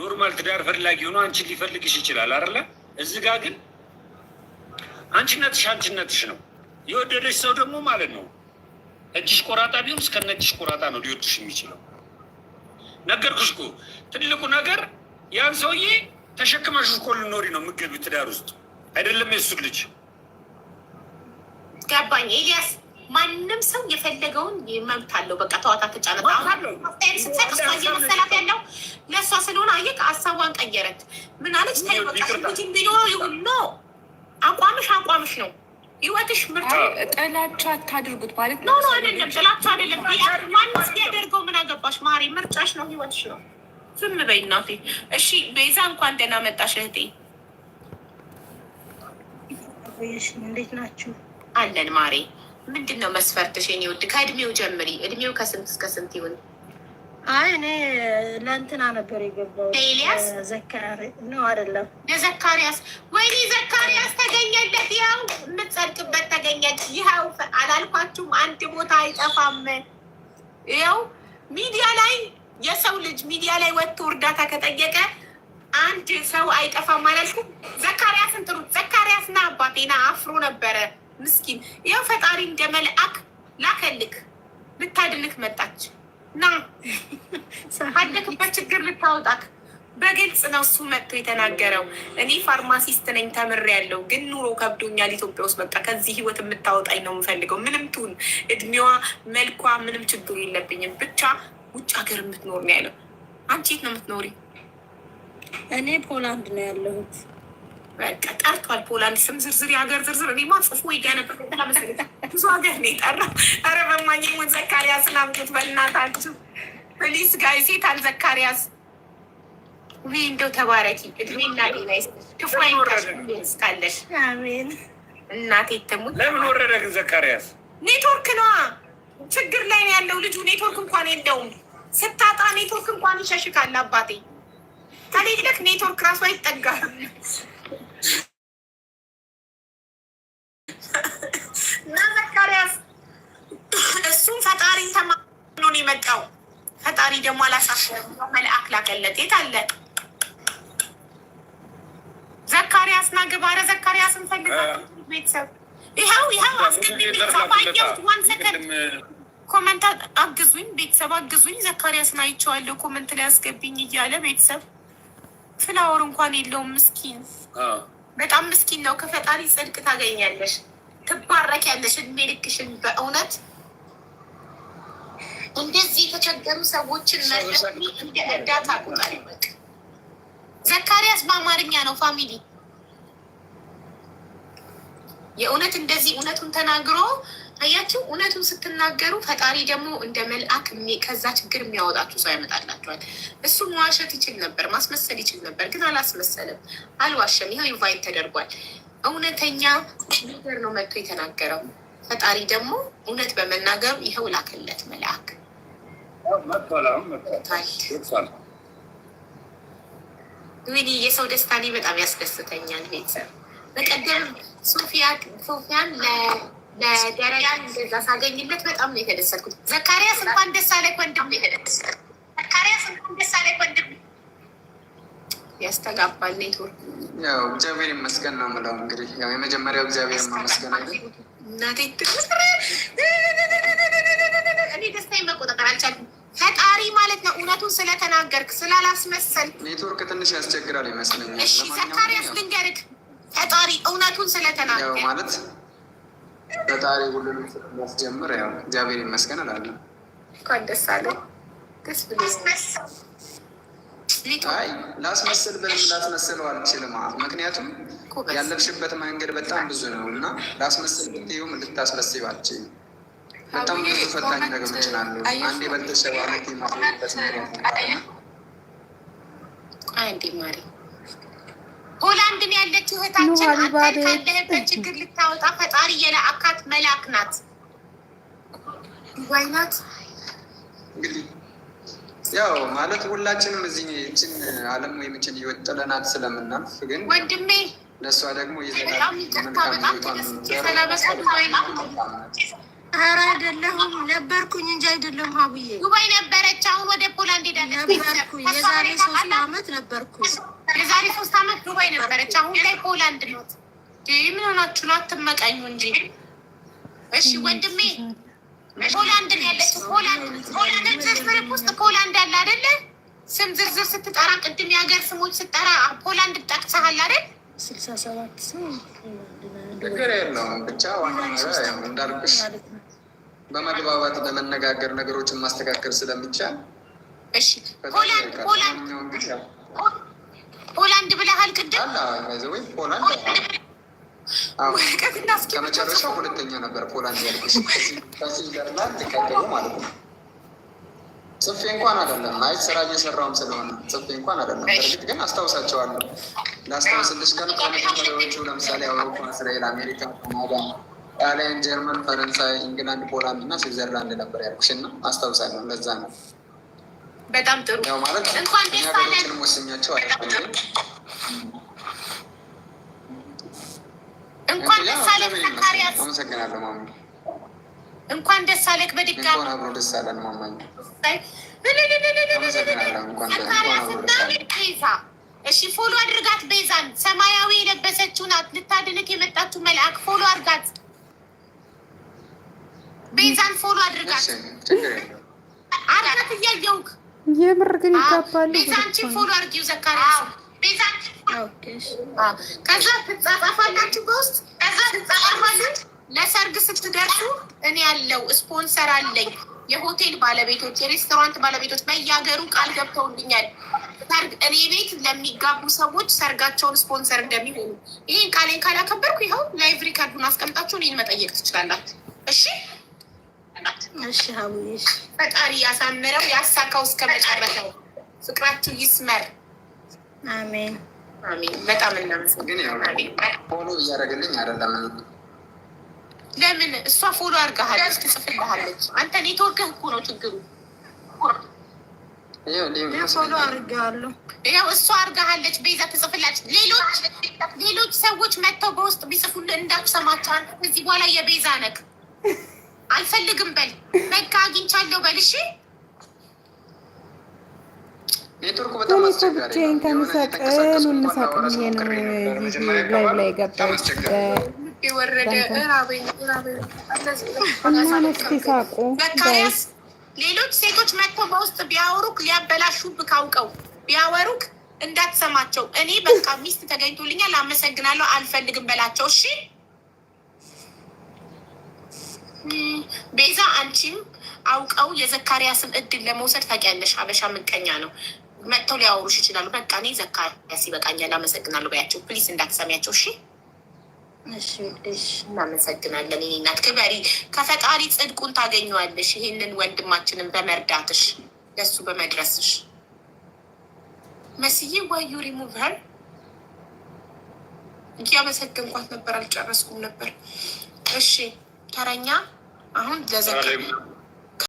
ኖርማል ትዳር ፈላጊ ሆኖ አንቺ ሊፈልግሽ ይችላል አይደለ? እዚህ ጋር ግን አንቺነትሽ አንቺነትሽ ነው። የወደደሽ ሰው ደግሞ ማለት ነው እጅሽ ቆራጣ ቢሆን እስከነ እጅሽ ቆራጣ ነው ሊወድሽ የሚችለው። ነገርኩሽ እኮ ትልቁ ነገር ያን ሰውዬ ተሸክመሽ እኮ ልኖሪ ነው የምትገቢው ትዳር ውስጥ አይደለም የእሱን ልጅ ገባኝ ኤልያስ ማንም ሰው የፈለገውን መብት አለው። በቃ ተዋታ ተጫነት ያለው ለእሷ ስለሆነ አየቅ አሳቧን ቀየረት። ምን አለች? ቢኖ ቢኖር አቋምሽ አቋምሽ ነው። ይወትሽ ምርጫ። ጥላቻ አታድርጉት ማለት ነው። ኖ አይደለም፣ ጥላቻ አይደለም። ማንስ ያደርገው ምን አገባሽ? ማሪ ምርጫሽ ነው፣ ህይወትሽ ነው። ዝም በይ እናቴ። እሺ ቤዛ እንኳን ደህና መጣሽ እህቴ። እንዴት ናችሁ? አለን ማሬ ምንድን ነው መስፈርትሽ? የኔ ውድ ከእድሜው ጀምሪ። እድሜው ከስንት እስከ ስንት ይሁን? አይ እኔ ለእንትና ነበር የገባው ኤልያስ ዘካሪ ነው ለዘካሪያስ ወይኔ ዘካሪያስ ተገኘለት። ያው የምትጸድቅበት ተገኘች። ይኸው አላልኳችሁም? አንድ ቦታ አይጠፋም። ይኸው ሚዲያ ላይ የሰው ልጅ ሚዲያ ላይ ወጥቶ እርዳታ ከጠየቀ አንድ ሰው አይጠፋም አላልኩም? ዘካሪያስን ጥሩት። ዘካሪያስ ና አፍሮ ነበረ ምስኪን ያው ፈጣሪ እንደ መልአክ ላከልክ ልታድንክ መጣች ና አደክበት ችግር ልታወጣክ በግልጽ ነው እሱ መጥቶ የተናገረው። እኔ ፋርማሲስት ነኝ ተምሬያለሁ፣ ግን ኑሮ ከብዶኛል ኢትዮጵያ ውስጥ በቃ ከዚህ ህይወት የምታወጣኝ ነው የምፈልገው። ምንም ትሁን እድሜዋ፣ መልኳ፣ ምንም ችግሩ የለብኝም ብቻ ውጭ ሀገር የምትኖር ነው ያለው። አንቺ የት ነው የምትኖሪ? እኔ ፖላንድ ነው ያለሁት። በቃ ጠርቷል። ፖላንድ ስም ዝርዝር የሀገር ዝርዝር እኔ ማጽፎ ሄዳ ብዙ ሀገር ነው የጠራው። ኧረ በማኝሙን ዘካሪያስን አምጡት በእናታችሁ ፕሊስ ጋይስ። የታል ዘካሪያስ? ውይ እንደው ተባረኪ፣ እድሜና ጤና ክፉ አይታለሽ። አሜን እናቴ ትሙት። ለምን ወረደ ግን ዘካሪያስ? ኔትወርክ ነዋ። ችግር ላይ ነው ያለው ልጁ። ኔትወርክ እንኳን የለውም። ስታጣ ኔትወርክ እንኳን ይሸሽካል አባቴ። ከሌለክ ኔትወርክ ራሱ አይጠጋም። ገብርኤል ደግሞ አላሳሰብም። መልአክ ላከለት። የት አለ ዘካርያስ? ና ግባረ ዘካርያስ ዘካሪያስ እንፈልጋለን። ቤተሰብ ይኸው ይኸው፣ አስገቢ ቤተሰብ። አየሁት። ዋን ሰከንድ ኮመንት አግዙኝ፣ ቤተሰብ አግዙኝ። ዘካሪያስን አይቼዋለሁ። ኮመንት ላይ አስገቢኝ እያለ ቤተሰብ ፍላወር እንኳን የለውም። ምስኪን በጣም ምስኪን ነው። ከፈጣሪ ጽድቅ ታገኛለሽ፣ ትባረኪያለሽ። እድሜ ልክሽን በእውነት እንደዚህ የተቸገሩ ሰዎችን መርዳት እርዳታ ዘካሪያስ በአማርኛ ነው ፋሚሊ የእውነት እንደዚህ እውነቱን ተናግሮ አያችሁ፣ እውነቱን ስትናገሩ ፈጣሪ ደግሞ እንደ መልአክ ከዛ ችግር የሚያወጣችሁ ሰው ያመጣላችኋል። እሱ መዋሸት ይችል ነበር፣ ማስመሰል ይችል ነበር፣ ግን አላስመሰልም፣ አልዋሸም። ይኸው ኢንቫይት ተደርጓል። እውነተኛ ነገር ነው መጥቶ የተናገረው። ፈጣሪ ደግሞ እውነት በመናገሩ ይኸው ላከለት። እንግዲህ የሰው ደስታ እኔ በጣም ያስደስተኛል። ቤተሰብ በቀደም ሶፊያን ለደረጃን እንደዛ ሳገኝለት በጣም ነው የተደሰትኩት። ዘካሪያስ እንኳን ደስ አለህ ወንድም፣ የተደሰትኩት ዘካሪያስ እንኳን ደስ አለህ ወንድም ያስተጋባል ኔትወርክ። ያው እግዚአብሔር ይመስገን ነው የምለው። እንግዲህ ያው የመጀመሪያው እግዚአብሔር ማመስገን አለ። እናቴ እኔ ደስታዬን መቆጣጠር አልቻልኩም። እውነቱን ስለተናገርክ ስላላስመሰል ኔትወርክ ትንሽ ያስቸግራል ይመስለኛል። እሺ ዘካሪያስ ልንገርክ፣ ፈጣሪ እውነቱን ስለተናገር ማለት ፈጣሪ ሁሉንም ስለሚያስጀምር ያው እግዚአብሔር ይመስገን እላለሁ። እንኳን ደስ አለ ደስ ብሎ አይ ላስመስል ብልም ላስመስለው አልችልም። ምክንያቱም ያለብሽበት መንገድ በጣም ብዙ ነው እና ላስመስል ብትይውም ልታስመስይ ባልችልም በጣም ብዙ ፈታኝ ነገሮች ናሉ። አንድ የቤተሰብ አመት የማትበት ማሪ ሆላንድን ያለች እህታችን አንተን ካለህበት ችግር ልታወጣ ፈጣሪ የላካት መልአክ ናት። ዋይናት ያው ማለት ሁላችንም እዚህ ችን አለም ወይም ችን ይወጥለናት ስለምናልፍ ግን ወንድሜ ለእሷ ደግሞ ይዘናል በጣም ይቅርታ በጣም ተደስቼ ሰላበሰ ወይና ኧረ አይደለሁም ነበርኩኝ እንጂ አይደለሁም። ሀቡዬ ዱባይ ነበረች። አሁን ወደ ፖላንድ ሄዳለች። ነበርኩኝ የዛሬ ሶስት አመት ነበርኩ። የዛሬ ሶስት አመት ዱባይ ነበረች። አሁን ላይ ፖላንድ ነው። ምን ሆናችሁ ነው? አትመቀኙ እንጂ እሺ። ወንድሜ ፖላንድ ያለች ፖላንድ ዝርዝር ውስጥ ፖላንድ አለ አደለ? ስም ዝርዝር ስትጠራ ቅድም የሀገር ስሞች ስጠራ ፖላንድ ጠቅሰሃል አደል? ስልሳ ሰባት ስም ችግር የለውም ብቻ ዋና እንዳልኩሽ በመግባባት በመነጋገር ነገሮችን ማስተካከል ስለሚቻል ፖላንድ ብለሃል ቅድም። ከመጨረሻው ሁለተኛ ነበር ፖላንድ ያልኩሽ። ከስዊዘርላንድ ቀደሙ ማለት ነው። ጽፌ እንኳን አይደለም። አይ ስራ እየሰራውም ስለሆነ ጽፌ እንኳን አይደለም። በእርግጥ ግን አስታውሳቸዋለሁ። ለአስታውስልሽ ቀን ከመጀመሪያዎቹ ለምሳሌ አውሮፓ፣ እስራኤል፣ አሜሪካ፣ ካናዳ ጣሊያን፣ ጀርመን፣ ፈረንሳይ፣ ኢንግላንድ፣ ፖላንድ እና ስዊዘርላንድ ነበር ያልኩሽ እና አስታውሳለሁ። ለዛ ነው በጣም ጥሩ ማለት ነገሮችን ወስኛቸው እንኳን ደስ አለህ። አመሰግናለሁ ማሚ። እንኳን ደስ አለህ በድጋሚ አብሮ ደስ አለን ማማኝ። እሺ ፎሎ አድርጋት ቤዛን። ሰማያዊ የለበሰችው ናት ልታድንክ የመጣችው መልአክ። ፎሎ አድርጋት። ቤዛን ፎሎ አድርጋት። አራት እያየውክ የምር ግን ይጋባሉ። ቤዛንችን ፎሎ አድርጊው ዘካሪያስ። ከዛ ትጻጻፋላችሁ በውስጥ ከዛ ትጻጻፋላችሁ። ለሰርግ ስትደርሱ እኔ ያለው ስፖንሰር አለኝ። የሆቴል ባለቤቶች፣ የሬስቶራንት ባለቤቶች በያገሩ ቃል ገብተውልኛል እኔ ቤት ለሚጋቡ ሰዎች ሰርጋቸውን ስፖንሰር እንደሚሆኑ። ይህን ቃሌን ካላከበርኩ ይኸው ላይቭ ሪከርዱን አስቀምጣችሁ እኔን መጠየቅ ትችላላችሁ። እሺ ፈጣሪ ያሳምረው ያሳካው እስከ መጨረሻው ፍቅራችሁ ይስመር። አሜን አሜን። በጣም እናመሰግናለን። ፎሎ እያደረግልኝ አይደለም። ለምን እሷ ፎሎ አድርጋሃለች፣ ትጽፍልሃለች። አንተ ኔትወርክህ እኮ ነው ችግሩ። ፎሎ አድርጋለሁ። እሷ አድርጋሃለች፣ ቤዛ ትጽፍላች። ሌሎች ሌሎች ሰዎች መጥተው በውስጥ ቢጽፉልህ እንዳትሰማቸው አንተ ከዚህ በኋላ የቤዛ ነክ አልፈልግም በል በቃ አግኝቻለሁ በል እሺ። ብቻዬን ከመሳቀሉ እንሳቅልዬ ነው ላይቭ ላይ ገባች እና ነስቲ ሳቁ። ሌሎች ሴቶች መጥቶ በውስጥ ቢያወሩክ ሊያበላሹብ ካውቀው ቢያወሩክ እንዳትሰማቸው። እኔ በቃ ሚስት ተገኝቶልኛል አመሰግናለሁ አልፈልግም በላቸው እሺ። ቤዛ አንቺም አውቀው የዘካሪያስን እድል ለመውሰድ ታውቂያለሽ። ሀበሻ ምቀኛ ነው። መጥተው ሊያወሩሽ ይችላሉ። በቃ እኔ ዘካሪያስ ይበቃኛል፣ አመሰግናለሁ በያቸው። ፕሊስ እንዳትሰሚያቸው እሺ። እናመሰግናለን የእኔ እናት፣ ክበሪ። ከፈጣሪ ጽድቁን ታገኘዋለሽ። ይህንን ወንድማችንን በመርዳትሽ ለሱ በመድረስሽ መስዬ ዋዩ ሪሙቨር እያመሰገንኳት ነበር፣ አልጨረስኩም ነበር። እሺ ተረኛ አሁን ለዘ